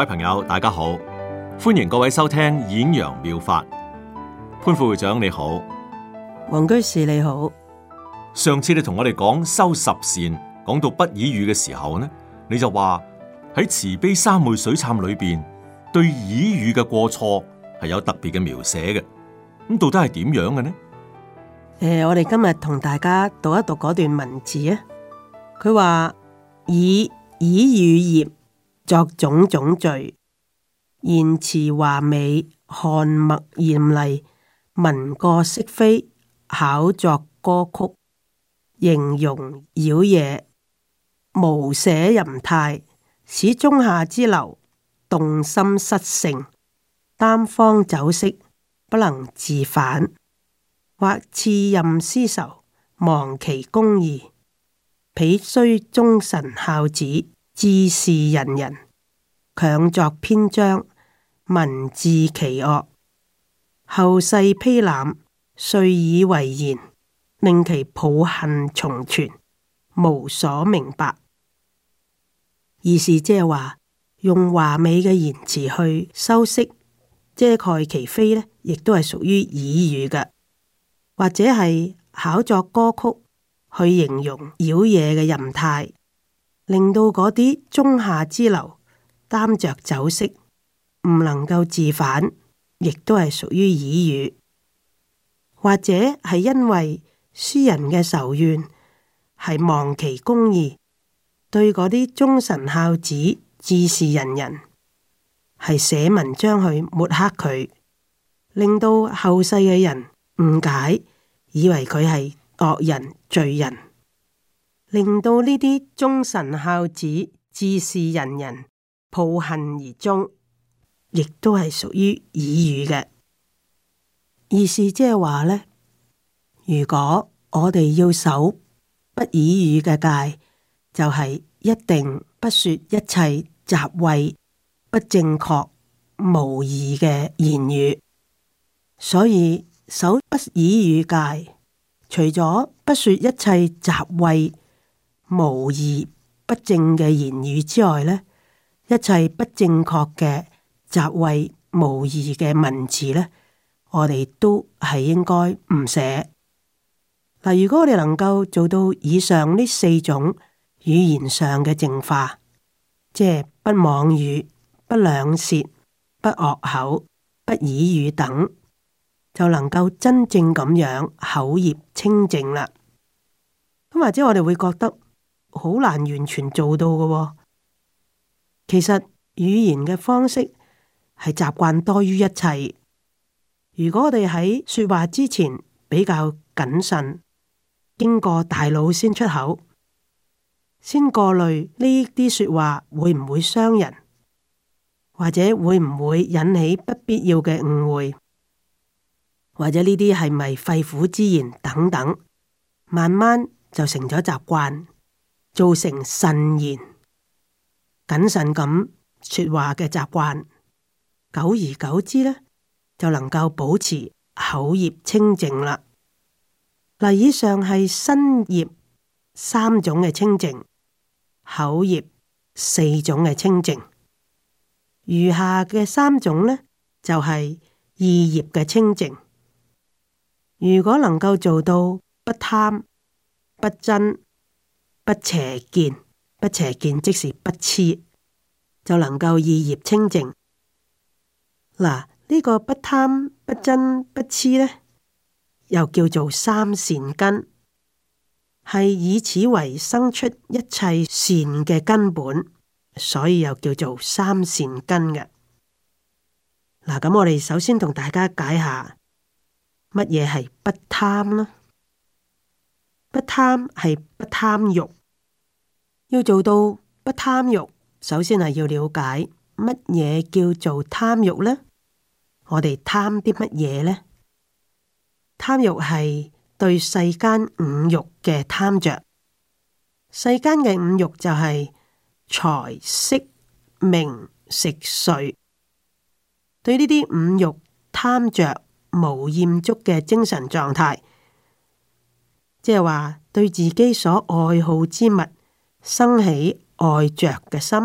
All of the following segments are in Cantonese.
各位朋友，大家好，歡迎各位收聽《演揚妙，妙法》。潘副會長你好，王居士你好。上次你同我哋講修十善，講到不綺語嘅時候呢，你就話喺慈悲三昧水懺裏邊，對綺語嘅過錯係有特別嘅描寫嘅。咁到底係點樣嘅呢？誒、呃，我哋今日同大家讀一讀嗰段文字啊。佢話綺綺語業。作種種罪，言辭華美，翰墨艷麗，文過飾非，巧作歌曲，形容妖冶無舍淫態，使中下之流動心失性，耽荒酒色，不能自反，或賜任私仇，忘其公義，彼須忠臣孝子。自是人人強作篇章，文字其惡，後世披覽，遂以為然，令其抱恨重存，無所明白。意思即係話用華美嘅言辭去修飾遮蓋其非咧，亦都係屬於綺語嘅，或者係考作歌曲去形容妖嘢嘅淫態。令到嗰啲中下之流耽着酒色，唔能夠自反，亦都係屬於綺語，或者係因為私人嘅仇怨，係忘其公義，對嗰啲忠臣孝子、志士仁人，係寫文章去抹黑佢，令到後世嘅人誤解，以為佢係惡人罪人。令到呢啲忠臣孝子、志士仁人抱恨而終，亦都係屬於耳語嘅意思。即係話咧，如果我哋要守不耳語嘅戒，就係、是、一定不說一切雜穢、不正確、無義嘅言語。所以守不耳語戒，除咗不說一切雜穢，無義不正嘅言語之外呢，一切不正確嘅雜位、無義嘅文字呢，呢我哋都係應該唔寫。嗱，如果我哋能夠做到以上呢四種語言上嘅淨化，即係不妄語、不兩舌、不惡口、不綺語等，就能夠真正咁樣口業清淨啦。咁或者我哋會覺得，好難完全做到嘅哦，其實語言嘅方式係習慣多於一切。如果我哋喺說話之前比較謹慎，經過大腦先出口，先過濾呢啲說話會唔會傷人，或者會唔會引起不必要嘅誤會，或者呢啲係咪肺腑之言等等，慢慢就成咗習慣。造成慎言、謹慎咁說話嘅習慣，久而久之呢，就能夠保持口業清淨啦。例以上係身業三種嘅清淨，口業四種嘅清淨，餘下嘅三種呢，就係、是、意業嘅清淨。如果能夠做到不貪、不瞋，不邪見，不邪見即是不痴，就能夠意業清淨。嗱，呢個不貪不瞋、不痴呢，又叫做三善根，係以此為生出一切善嘅根本，所以又叫做三善根嘅。嗱，咁我哋首先同大家解下乜嘢係不貪咯。不貪係不貪欲。要做到不貪欲，首先係要了解乜嘢叫做貪欲呢？我哋貪啲乜嘢呢？貪欲係對世間五欲嘅貪着。世間嘅五欲就係財色名食睡，對呢啲五欲貪着無厭足嘅精神狀態，即係話對自己所愛好之物。生起愛着嘅心，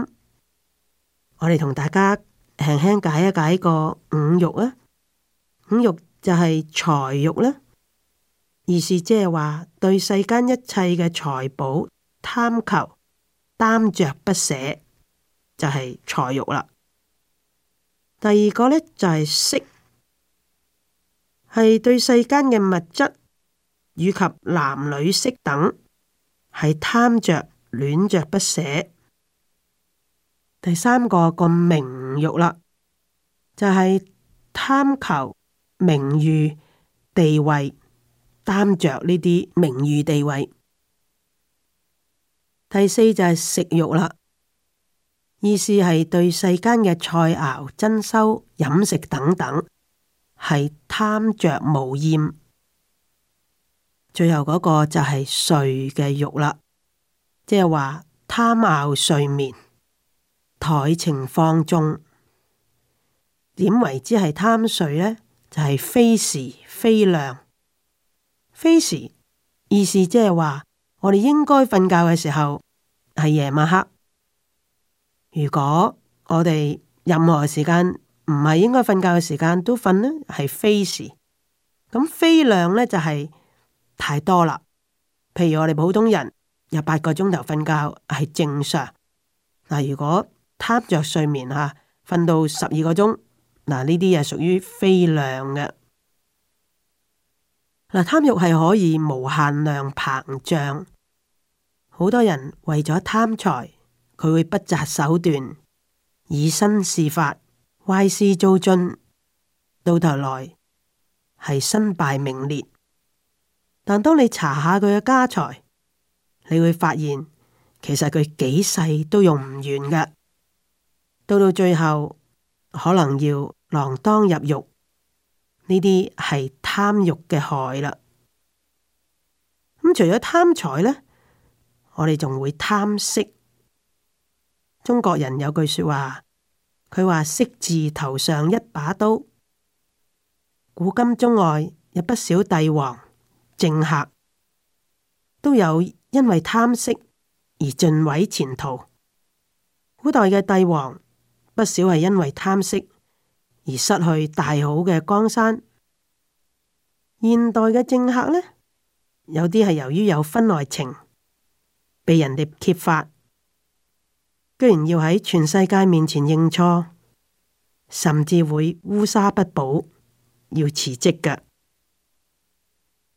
我哋同大家輕輕解一解個五欲啊。五欲就係財欲啦，意思即係話對世間一切嘅財寶貪求、貪着不捨，就係財欲啦。第二個呢，就係色，係對世間嘅物質以及男女色等係貪着。戀着不捨，第三個個名欲啦，就係、是、貪求名譽地位，貪着呢啲名譽地位。第四就係食欲啦，意思係對世間嘅菜肴、珍饈、飲食等等，係貪着無厭。最後嗰個就係睡嘅欲啦。即係話貪熬睡眠，怠情放縱，點為之係貪睡呢？就係、是、非時非量。非時意思即係話，我哋應該瞓覺嘅時候係夜晚黑。如果我哋任何時間唔係應該瞓覺嘅時間都瞓呢，係非時。咁非量呢，就係、是、太多啦。譬如我哋普通人。有八個鐘頭瞓覺係正常，嗱，如果貪着睡眠吓，瞓到十二個鐘，嗱，呢啲係屬於非量嘅。嗱，貪欲係可以無限量膨脹，好多人為咗貪財，佢會不擇手段，以身試法，壞事做盡，到頭來係身敗名裂。但當你查下佢嘅家財，你會發現，其實佢幾世都用唔完噶到到最後可能要鋃鐺入獄。呢啲係貪欲嘅害啦。咁、嗯、除咗貪財呢，我哋仲會貪色。中國人有句說話，佢話色字頭上一把刀。古今中外有不少帝王、政客都有，因為貪色而盡毀前途，古代嘅帝王不少係因為貪色而失去大好嘅江山，現代嘅政客呢，有啲係由於有婚外情，被人哋揭發，居然要喺全世界面前認錯，甚至會烏紗不保，要辭職噶。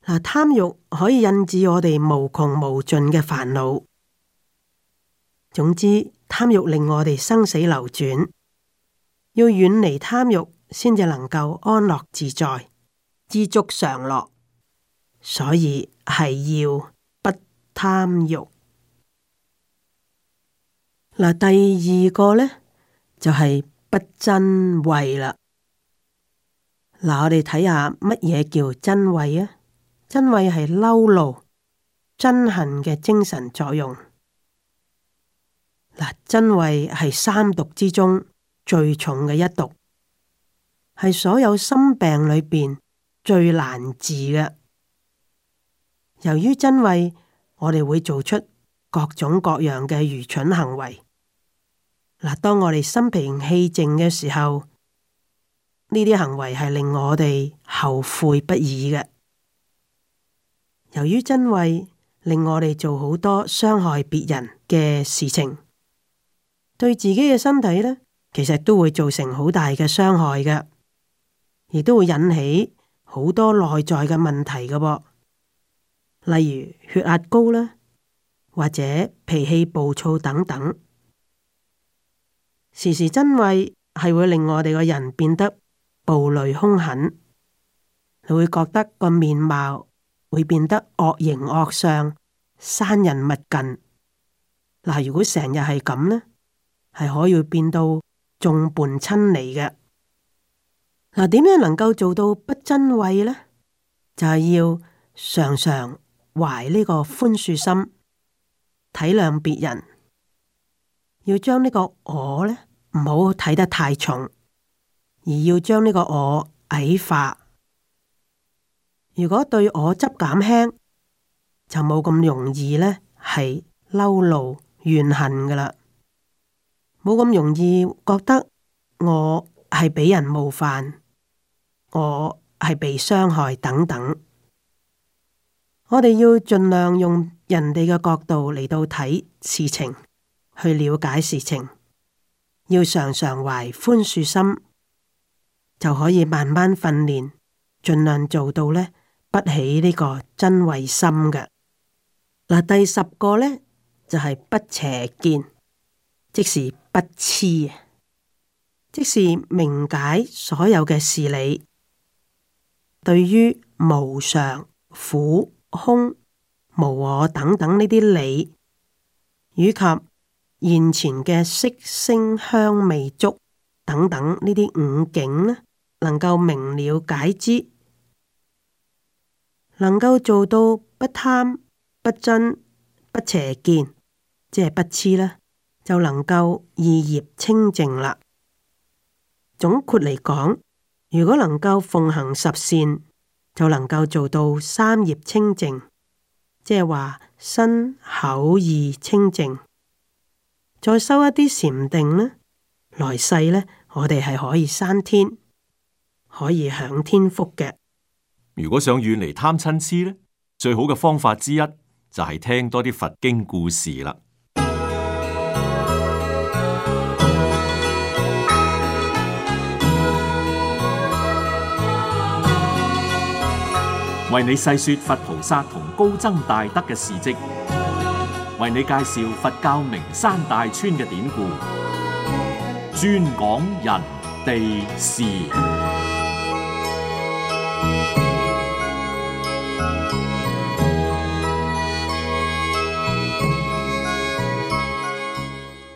嗱，貪、啊、欲可以引致我哋無窮無盡嘅煩惱。總之，貪欲令我哋生死流轉，要遠離貪欲，先至能夠安樂自在，知足常樂。所以係要不貪欲。嗱、啊，第二個呢，就係、是、不瞋恚啦。嗱、啊，我哋睇下乜嘢叫瞋恚啊？瞋恚係嬲怒、憎恨嘅精神作用。嗱，瞋恚係三毒之中最重嘅一毒，係所有心病裏邊最難治嘅。由於瞋恚，我哋會做出各種各樣嘅愚蠢行為。嗱，當我哋心平氣靜嘅時候，呢啲行為係令我哋後悔不已嘅。由於瞋恚，令我哋做好多傷害別人嘅事情，對自己嘅身體呢，其實都會造成好大嘅傷害嘅，亦都會引起好多內在嘅問題嘅噃。例如血壓高啦，或者脾氣暴躁等等。時時瞋恚係會令我哋個人變得暴戾凶狠，你會覺得個面貌，會變得惡形惡相，生人勿近。嗱，如果成日係咁呢，係可以變到眾叛親離嘅。嗱，點樣能夠做到不瞋恚呢？就係、是、要常常懷呢個寬恕心，體諒別人，要將呢個我呢唔好睇得太重，而要將呢個我矮化。如果對我執減輕，就冇咁容易咧，係嬲怒怨恨噶啦，冇咁容易覺得我係俾人冒犯，我係被傷害等等。我哋要盡量用人哋嘅角度嚟到睇事情，去了解事情，要常常懷寬恕心，就可以慢慢訓練，盡量做到咧。不起呢個真慧心嘅嗱，第十個呢，就係、是、不邪見，即是不痴，即是明解所有嘅事理，對於無常、苦、空、無我等等呢啲理，以及現前嘅色、聲、香、味、足等等呢啲五境呢，能夠明了解之。能夠做到不貪不瞋、不邪見，即係不痴呢就能夠意業清淨啦。總括嚟講，如果能夠奉行十善，就能夠做到三業清淨，即係話身口意清淨。再修一啲禪定呢來世呢，我哋係可以生天，可以享天福嘅。如果想遠離貪嗔癡咧，最好嘅方法之一就係、是、聽多啲佛經故事啦。為你細說佛菩薩同高僧大德嘅事跡，為你介紹佛教名山大川嘅典故，專講人地事。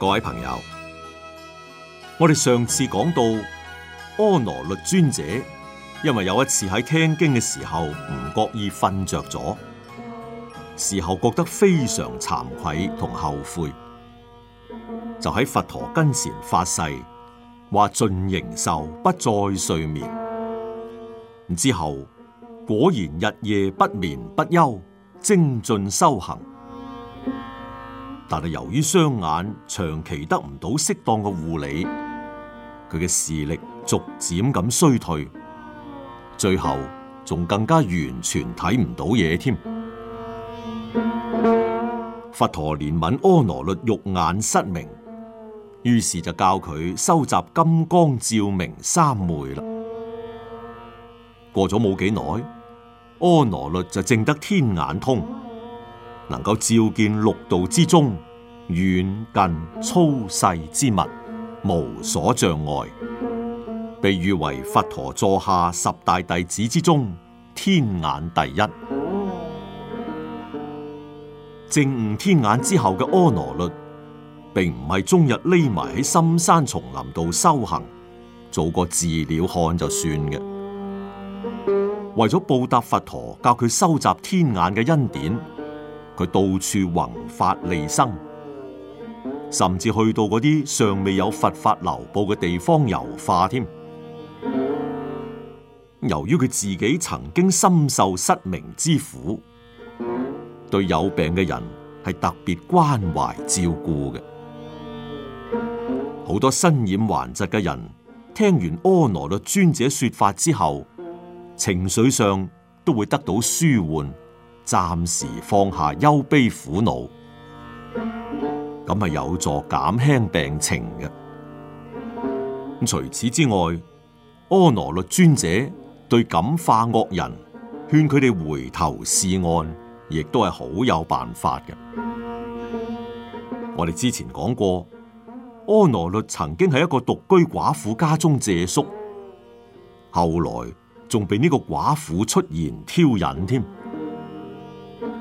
各位朋友，我哋上次講到阿那律尊者，因為有一次喺聽經嘅時候唔覺意瞓着咗，事後覺得非常慚愧同後悔，就喺佛陀跟前發誓，話盡形壽不再睡眠。之後果然日夜不眠不休，精進修行。但係由於雙眼長期得唔到適當嘅護理，佢嘅視力逐漸咁衰退，最後仲更加完全睇唔到嘢添。佛陀憐憫阿那律肉眼失明，於是就教佢收集金光照明三昧啦。過咗冇幾耐，阿那律就證得天眼通。能夠照見六道之中遠近粗細之物，無所障礙，被譽為佛陀座下十大弟子之中天眼第一。正悟天眼之後嘅阿那律，並唔係終日匿埋喺深山叢林度修行，做個自了漢就算嘅。為咗報答佛陀教佢收集天眼嘅恩典。佢到處弘法利生，甚至去到嗰啲尚未有佛法流布嘅地方遊化添。由於佢自己曾經深受失明之苦，對有病嘅人係特別關懷照顧嘅。好多身染患疾嘅人，聽完阿那律尊者説法之後，情緒上都會得到舒緩。暫時放下憂悲苦惱，咁係有助減輕病情嘅。除此之外，阿那律尊者對感化惡人、勸佢哋回頭是岸亦都係好有辦法嘅。我哋之前講過，阿那律曾經喺一個獨居寡婦家中借宿，後來仲被呢個寡婦出言挑釁添。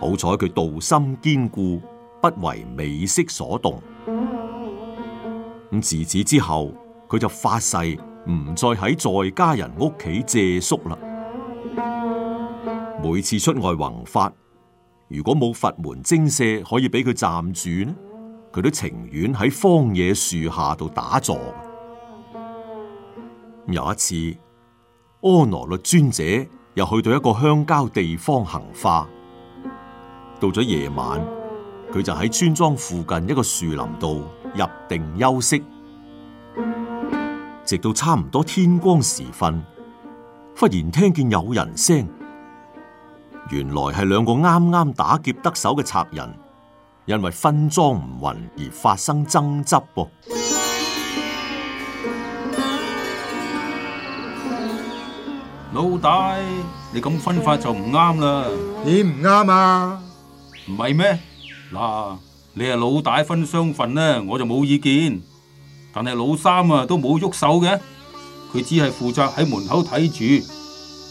好彩佢道心堅固，不為美色所動。咁自此之後，佢就發誓唔再喺在，在家人屋企借宿啦。每次出外弘法，如果冇佛門精舍可以俾佢暫住咧，佢都情願喺荒野樹下度打坐。有一次，阿那律尊者又去到一個鄉郊地方行化。到咗夜晚，佢就喺村莊附近一個樹林度入定休息，直到差唔多天光時分，忽然聽見有人聲，原來係兩個啱啱打劫得手嘅賊人，因為分贓唔勻而發生爭執噃。老大，你咁分法就唔啱啦，你唔啱啊？唔係咩？嗱，啊，你係老大分雙份咧，我就冇意見。但係老三啊，都冇喐手嘅，佢只係負責喺門口睇住，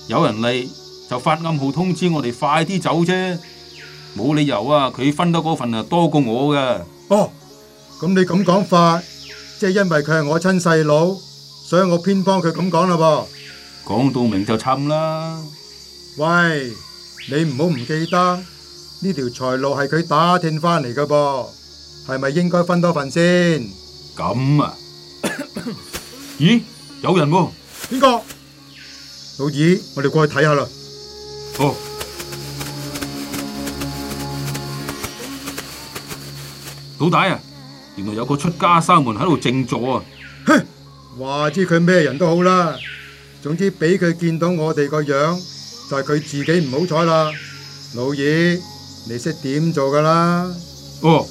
有人嚟就發暗號通知我哋快啲走啫。冇理由啊，佢分得嗰份啊多過我噶。哦，咁你咁講法，即係因為佢係我親細佬，所以我偏幫佢咁講啦噃。講到明就親啦。喂，你唔好唔記得。呢條財路係佢打聽返嚟㗎噃，係咪應該分多份先？咁啊？ 咦？有人喎，啊？邊個？老二，我哋過去睇下啦。哦，老大啊，原來有個出家沙門喺度靜坐啊。哼， 話知佢咩人都好啦，總之俾佢見到我哋個樣子，就係、是、佢自己唔好彩啦。老二。你識點做㗎啦？哦，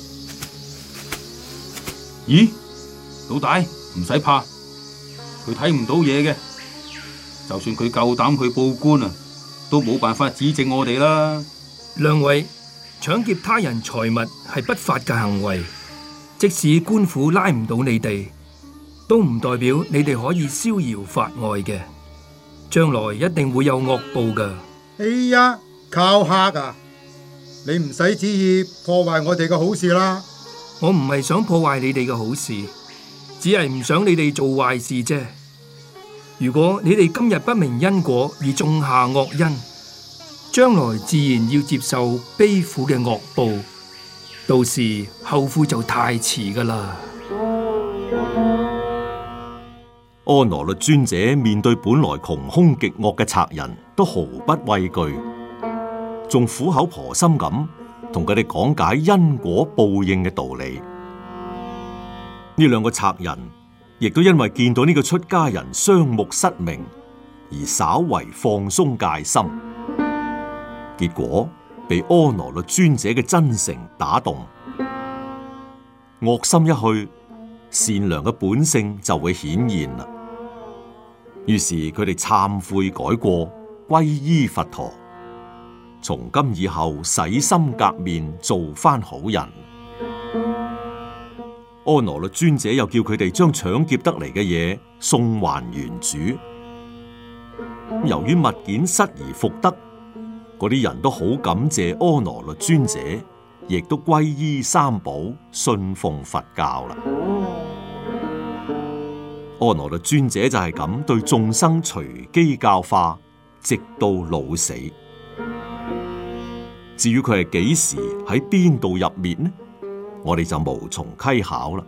咦，老大唔使怕，佢睇唔到嘢嘅。就算佢夠膽去報官啊，都冇辦法指證我哋啦。兩位搶劫他人財物係不法嘅行為，即使官府拉唔到你哋，都唔代表你哋可以逍遙法外嘅。將來一定會有惡報㗎。哎呀，靠下㗎！你唔使旨意破壞我哋嘅好事啦。我唔係想破壞你哋嘅好事，只係唔想你哋做壞事啫。如果你哋今日不明因果而種下惡因，將來自然要接受悲苦嘅惡報，到時後悔就太遲噶啦。阿那律尊者面對本來窮兇極惡嘅賊人都毫不畏懼。仲苦口婆心咁同佢哋講解因果報應嘅道理，呢兩個賊人亦都因為見到呢個出家人雙目失明而稍為放鬆戒心，結果被阿那律尊者嘅真誠打動，惡心一去，善良嘅本性就會顯現啦。於是佢哋懺悔改過，皈依佛陀。從今以後，洗心革面，做返好人。阿那律尊者又叫佢哋將搶劫得嚟嘅嘢送還原主。由於物件失而復得，嗰啲人都好感謝阿那律尊者，亦都皈依三寶，信奉佛教啦。阿那律尊者就係咁對眾生隨機教化，直到老死。至於佢係幾時喺邊度入面呢？我哋就無從稽考啦。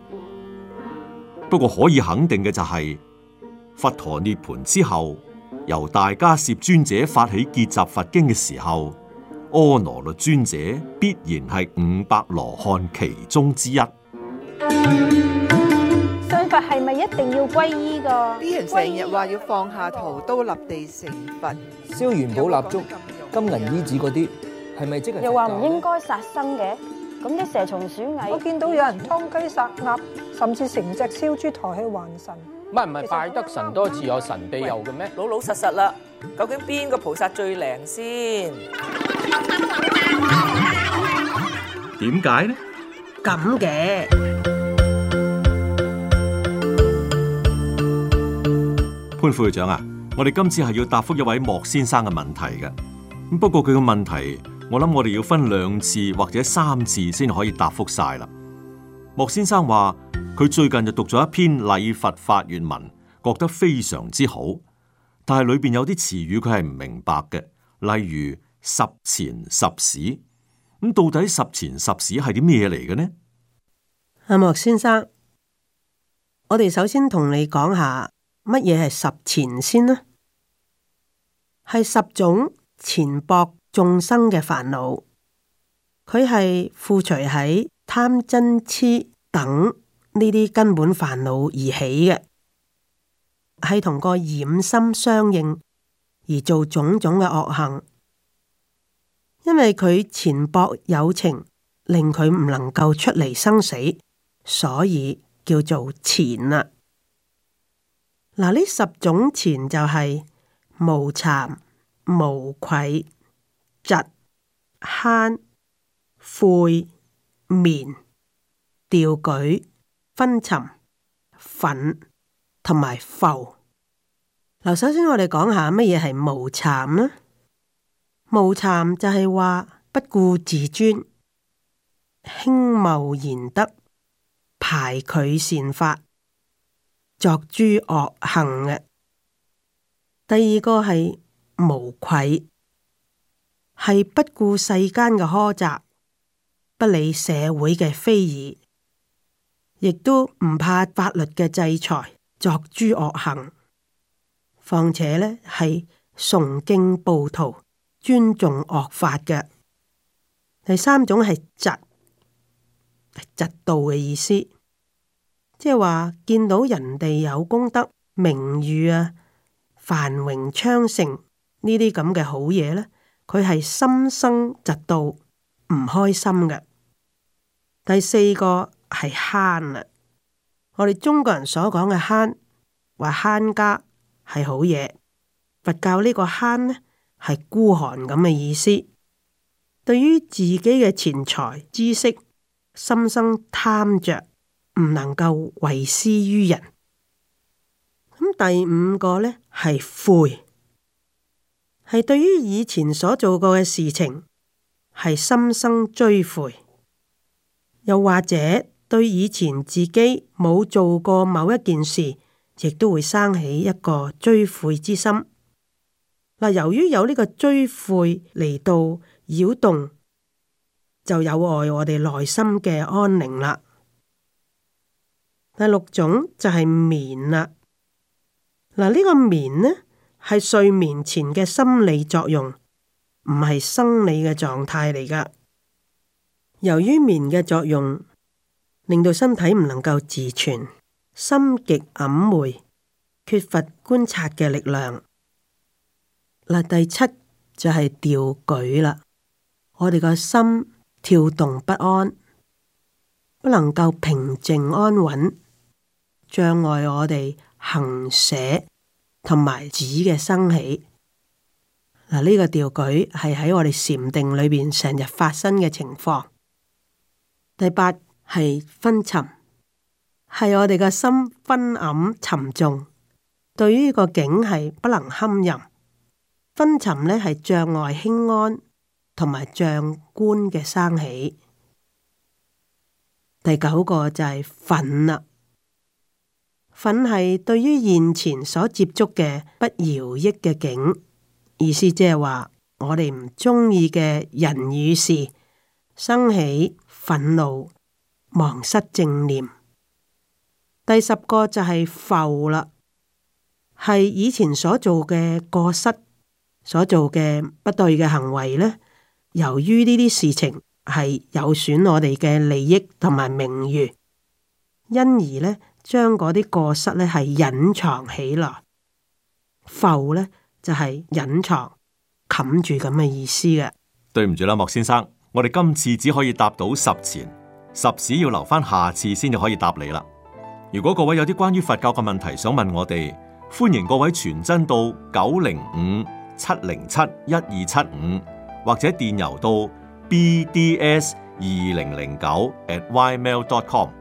不過可以肯定嘅就係、是、佛陀涅槃之後，由大迦葉尊者發起結集佛經嘅時候，阿那律尊者必然係五百羅漢其中之一。信佛係咪一定要皈依㗎？啲人成日話要放下屠刀立地成佛，燒元寶蠟燭、有有金銀衣紙嗰啲。又話唔應該殺生嘅，咁啲蛇蟲鼠蟻，我見到有人劏雞殺鴨，甚至成隻燒豬抬起還神，唔係唔係拜得神多自有神庇佑嘅咩？老老實實啦，究竟邊個菩薩最靈先？點解咧？咁嘅潘副會長啊，我哋今次係要答覆一位莫先生嘅問題嘅，咁不過佢嘅問題。我諗我哋要分兩次或者三次先可以答復晒啦。莫先生話佢最近就讀咗一篇《禮佛發願文》，覺得非常之好，但係裏邊有啲詞語佢係唔明白嘅，例如十纏十使咁，嗯，到底十纏十使係啲咩嚟嘅呢？阿、啊、莫先生，我哋首先同你講下乜嘢係十纏先呢？係十種纏縛。眾生嘅煩惱，佢係附隨喺貪、嗔、癡等呢啲根本煩惱而起嘅，係同個染心相應而做種種嘅惡行。因為佢纏縛有情，令佢唔能夠出離生死，所以叫做纏啦。嗱，呢十種纏就係、是、無慚無愧。嫉慳悔眠掉舉惛沉、忿同埋浮。嗱，首先我哋講下乜嘢係無慚呢？無慚就係話不顧自尊，輕謀賢德、排拒善法，作諸惡行嘅。第二個係無愧。係不顧世間嘅苛責，不理社會嘅非議，亦都唔怕法律嘅制裁，作諸惡行，況且呢係崇敬暴徒，尊重惡法嘅。第三種係嫉，嫉妒嘅意思，即係話見到人哋有功德、名譽啊、繁榮昌盛呢啲咁嘅好嘢呢。佢係心生嫉妒唔開心嘅。第四個係慳啦，我哋中國人所講嘅慳，話慳家係好嘢。佛教呢個慳呢，係孤寒咁嘅意思，對於自己嘅錢財、知識，心生貪着，唔能夠惠施於人。咁第五個呢係悔。係對於以前所做過嘅事情，係心生追悔；又或者對以前自己冇做過某一件事，亦都會生起一個追悔之心。嗱，由於有呢個追悔嚟到擾動，就有礙我哋內心嘅安寧啦。第六種就係眠啦。嗱，呢個眠呢？係睡眠前嘅心理作用，唔係生理嘅狀態嚟㗎。由於眠嘅作用，令到身體唔能夠自存，心極暗昧，缺乏觀察嘅力量。嗱，第七就係掉舉啦，我哋個心跳動不安，不能夠平靜安穩，障礙我哋行捨。同埋子嘅生起，嗱、這、呢個調舉係喺我哋禪定裏邊成日發生嘅情況。第八係昏沉，係我哋嘅心昏暗沉重，對於個境係不能堪任。昏沉呢係障礙輕安同埋象觀嘅生起。第九個就係忿啦。忿係對於現前所接觸嘅不饒益嘅境，意思即係話我哋唔中意嘅人與事，生起憤怒，忘失正念。第十個就係、是、覆啦，係以前所做嘅過失，所做嘅不對嘅行為呢，由於呢啲事情係有損我哋嘅利益同埋名譽，因而呢。將嗰啲過失咧係隱藏起來，浮咧就係、是、隱藏、冚住咁嘅意思嘅。對唔住啦，莫先生，我哋今次只可以答到十纏，十使要留翻下，下次先至可以答你啦。如果各位有啲關於佛教嘅問題想問我哋，歡迎各位傳真到九零五七零七一二七五，75, 或者電郵到 bds 二零零九 @ymail.com。